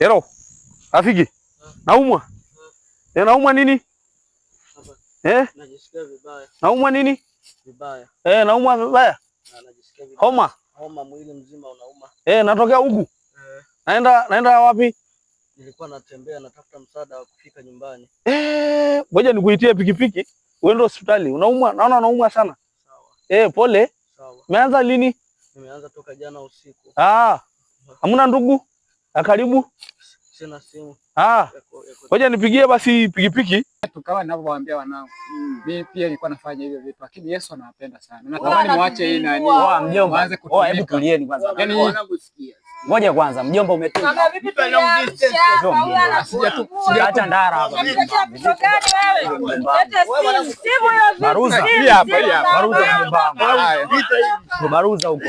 Hello. Rafiki. Naumwa. Eh, naumwa nini? Eh? Najisikia vibaya. Naumwa nini? Vibaya. Eh, naumwa vibaya. najisikia vibaya. Homa. Homa mwili mzima unauma. Eh, natokea huku. Eh. Naenda naenda wapi? Nilikuwa natembea natafuta msaada wa kufika nyumbani. Eh, ngoja nikuitie pikipiki uende hospitali. Unaumwa? Naona unaumwa sana. Sawa. Eh, pole. Sawa. Umeanza lini? Nimeanza toka jana usiku. Ah. Hamuna ndugu? Ah, karibu. Sina simu. Ah. Ngoja nipigie basi pikipiki. Tukawa ninavyowaambia wanangu. Mm, mimi pia nilikuwa nafanya hivyo vitu lakini Yesu anawapenda sana. Natamani muache hii nani. Oa mjomba. Waanze kutumika. Oa hebu tulieni kwanza. Yaani wanamsikia. Ngoja kwanza mjomba umetoka. Kama vipi tuna distance. Sija tu sija hata ndara hapa. Baruza. Hii hapa hapa. Baruza mjomba. Baruza huko.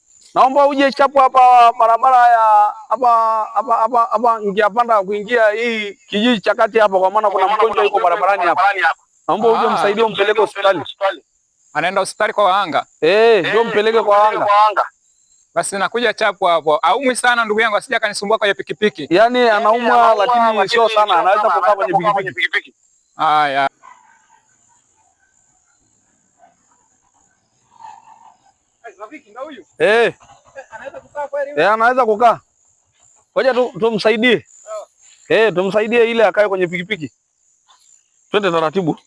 naomba uje chapu hapa barabara ya hapa hapa hapa hapa njia panda kuingia hii kijiji cha kati hapa, kwa maana kuna mgonjwa yuko barabarani hapa, naomba uje ah, msaidie, umpeleke hospitali. Anaenda hospitali kwa wahanga eh, ndio eh, mpeleke kwa wahanga. Basi nakuja chapu hapo. Aumwi sana ndugu yangu, asija kanisumbua kwa pikipiki. Yani yaani, anaumwa lakini sio sana, anaweza kukaa kwenye pikipiki. Haya. Eh. eh. Anaweza kukaa ngoja tu tumsaidie oh. eh, tumsaidie ile akae kwenye pikipiki, twende taratibu,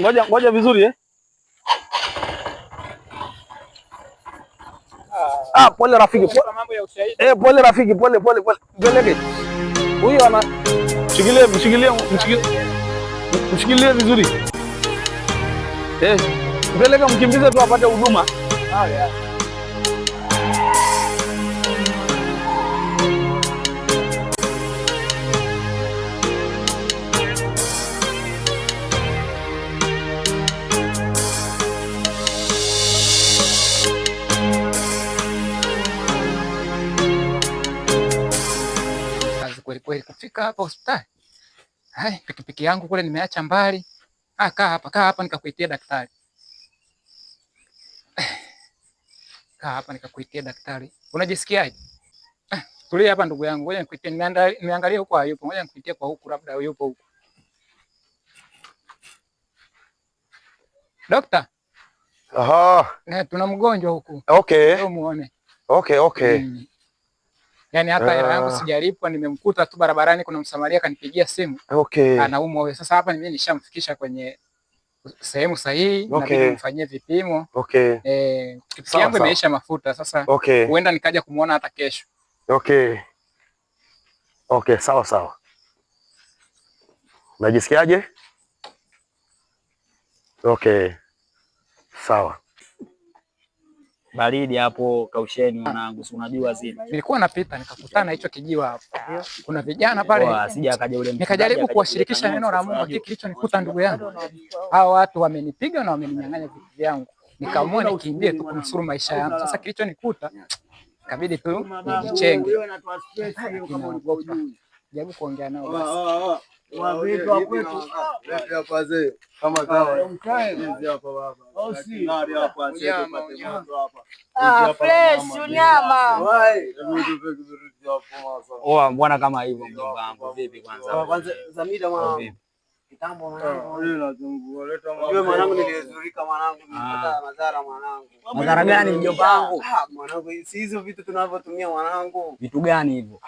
ngoja ngoja vizuri eh. Ah, ah pole rafiki, pole eh, pole rafiki, pole pole pole, mpeleke huyo, ana mshikilie, mshikilie, mshikilie vizuri eh. Hey. Mpeleke mkimbize tu apate huduma. Oh, yeah. kweli kufika hapa hospitali. Hai, pikipiki yangu kule nimeacha mbali. Ah, kaa hapa, kaa hapa nikakuitia daktari. kaa hapa nikakuitia daktari. Unajisikiaje? Ah, tulia hapa ndugu yangu. Ngoja nikuitie, niangalie huko hayupo. Ngoja nikuitie kwa huku, labda yupo huko. Dokta. Aha. Ne, tuna mgonjwa huku. Okay. muone. Okay, okay. Mm. Yaani hata hela yangu ah. sijalipwa, nimemkuta tu barabarani, kuna Msamaria kanipigia simu. Okay. Anaumwa huyo. Sasa hapa mimi nishamfikisha kwenye sehemu sahihi okay. na mfanyie vipimo okay. Eh, pikipiki yangu imeisha mafuta sasa okay. nikaja kumwona hata kesho okay. Okay, sawa sawa. Najisikiaje? Okay, sawa baridi hapo, kausheni mwanangu, si unajua zile. Nilikuwa napita nikakutana hicho kijiwa hapo, ah. kuna vijana pale, oh, nikajaribu kuwashirikisha neno la Mungu. Kile kilichonikuta ndugu yangu, hao watu wamenipiga na wameninyang'anya vitu vyangu, nikaamua nikimbie tu kunusuru maisha yangu. Sasa kilichonikuta kabidi tu nijichenge, jaribu kuongea nao ah, basi ah, mbwana oh, ah, oh, ah, kama hivyo, mjomba wangu. Vipi kwanza madhara gani mjomba wangu? Ah, vitu gani hivyo?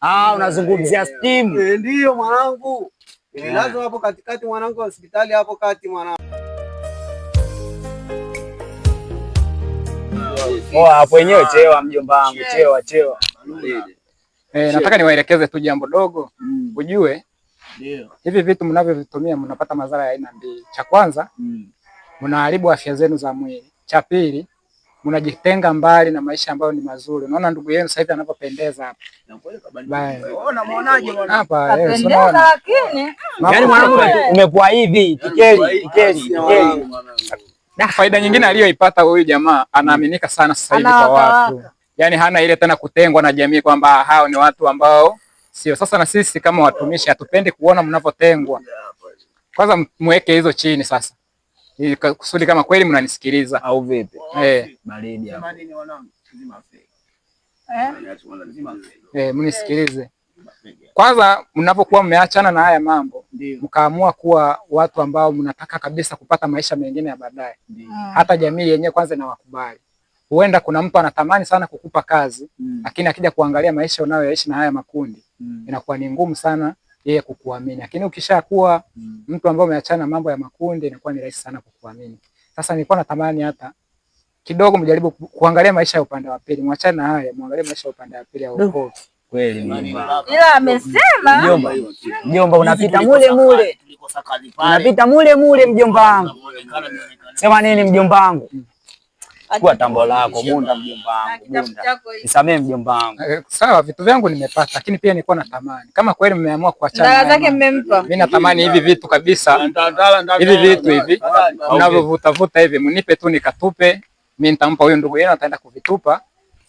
Ah, unazungumzia eh, stimu. Eh, ndio mwanangu. Nilazwa eh. Hapo katikati mwanangu, hospitali hapo kati mwanangu. Oh, hapo wenyewe chewa mjomba wangu, chewa chewa. Eh, nataka niwaelekeze tu jambo dogo mm. Ujue yeah. Hivi vitu mnavyovitumia mnapata madhara ya aina mbili. Cha kwanza mm. mnaharibu mm. afya zenu za mwili. Cha pili unajitenga mbali na maisha ambayo ni mazuri. Unaona ndugu yenu sasa hivi anapopendeza hapa. Oh, hapa eh, yaani mwanangu umekuwa hivi tikeli tikeli Na faida nyingine aliyoipata huyu jamaa anaaminika sana sasa hivi kwa watu, yaani hana ile tena kutengwa na jamii kwamba hao ni watu ambao sio. Sasa na sisi kama watumishi hatupendi kuona mnavyotengwa. Kwanza mweke hizo chini sasa kusudi kama kweli mnanisikiliza au vipi? Mnisikilize kwanza. Mnapokuwa mmeachana na haya mambo, mkaamua kuwa watu ambao mnataka kabisa kupata maisha mengine ya baadaye, hata jamii yenyewe kwanza inawakubali. Huenda kuna mtu anatamani sana kukupa kazi, mm. lakini akija kuangalia maisha unayoyaishi na haya makundi, mm. inakuwa ni ngumu sana yeye kukuamini. Lakini ukishakuwa mm. mtu ambaye umeachana mambo ya makundi inakuwa ni rahisi sana kukuamini. Sasa nilikuwa natamani hata kidogo mjaribu kuangalia maisha ya upande wa pili, mwachane na haya, muangalie maisha ya upande wa pili ya wokovu. Kweli mimi. Ila amesema mjomba, mjomba unapita mule mule, unapita mule mule mjomba wangu. Sema nini mjomba wangu? Mm chukua tambo lako bunda, mjomba wangu bunda, nisamee mjomba wangu. Eh, sawa, vitu vyangu nimepata, lakini pia nilikuwa natamani kama kweli mmeamua kuachana, mimi natamani hivi vitu kabisa, hivi vitu hivi mnavyovuta vuta hivi, mnipe tu nikatupe, mimi nitampa huyo ndugu yenu, ataenda kuvitupa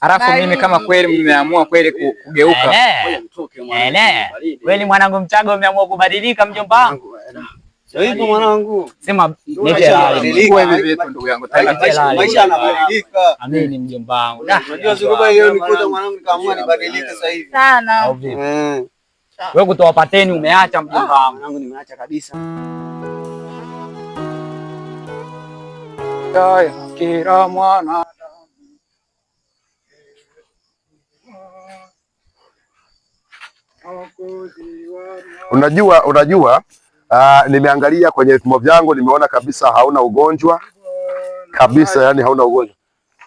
Halafu mimi kama kweli mmeamua kweli kugeuka, kweli mwanangu mchaga, umeamua kubadilika mjomba wangu. Eh, Hivyo mwanangu, sema ndugu maisha yanabadilika. Amini mjomba wangu, unajua zuruba hiyo nikuta mwanangu, nikaamua nibadilike sasa hivi eh. Wewe kutoa pateni umeacha mjomba wangu. Mwanangu nimeacha kabisa. Kila mwana unajua unajua Uh, nimeangalia kwenye vipimo vyangu nimeona kabisa hauna ugonjwa kabisa, yani hauna ugonjwa.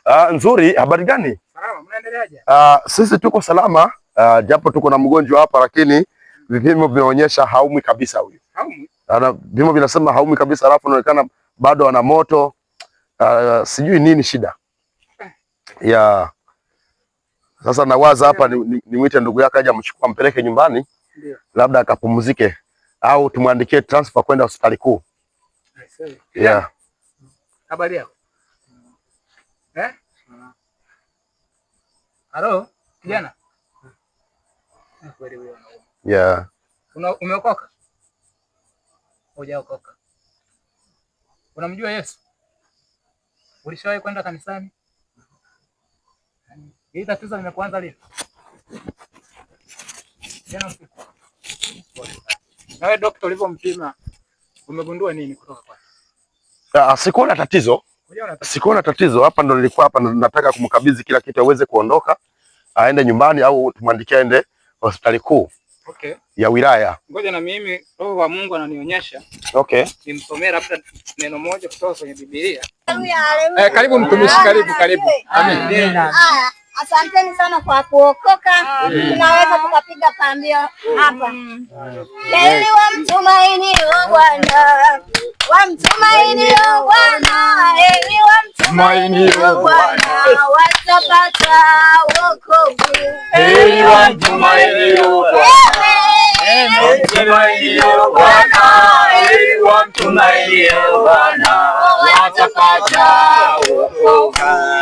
Uh, nzuri. Habari gani? Salama, mnaendeleaje? Uh, sisi tuko salama uh, japo tuko na mgonjwa hapa, lakini vipimo vinaonyesha haumi kabisa huyu. Haumi? Ana vipimo vinasema haumi kabisa, alafu inaonekana bado ana moto uh, sijui nini shida ya yeah. Sasa nawaza hapa ni, ni, ni mwite ndugu yake aje amchukua ampeleke nyumbani, Ndiyo. labda akapumzike au tumwandikie transfer kwenda hospitali kuu. Yeah. Habari yako? Eh? Halo, kijana. Yeah. Una umeokoka? Hujaokoka. Unamjua Yesu? Ulishawahi kwenda kanisani? Hii tatizo limekuanza lini? Jana usiku. Na wewe daktari ulivyompima umegundua nini kutoka kwake? Ah, ah na tatizo. na tatizo. Hapa ndo nilikuwa hapa nataka kumkabidhi kila kitu aweze kuondoka aende nyumbani au tumwandikie aende hospitali kuu. Okay. Ya wilaya. Ngoja na mimi roho wa Mungu ananionyesha. Okay. Nimsomee labda neno moja kutoka kwenye Biblia. Eh, karibu mtumishi, karibu karibu. Amen. Amen. Amen. Amen. Asanteni sana kwa kuokoka, ah. tunaweza tukapiga pambio hapa. Mm. wa mtumaini wamtumaini Bwana, wa mtumaini wamtumaini Bwana, wa mtumaini wamtumaini Bwana watapata wokovu. wa mtumaini wamtumaini Bwana, mtumaini wa Bwana watapata wokovu.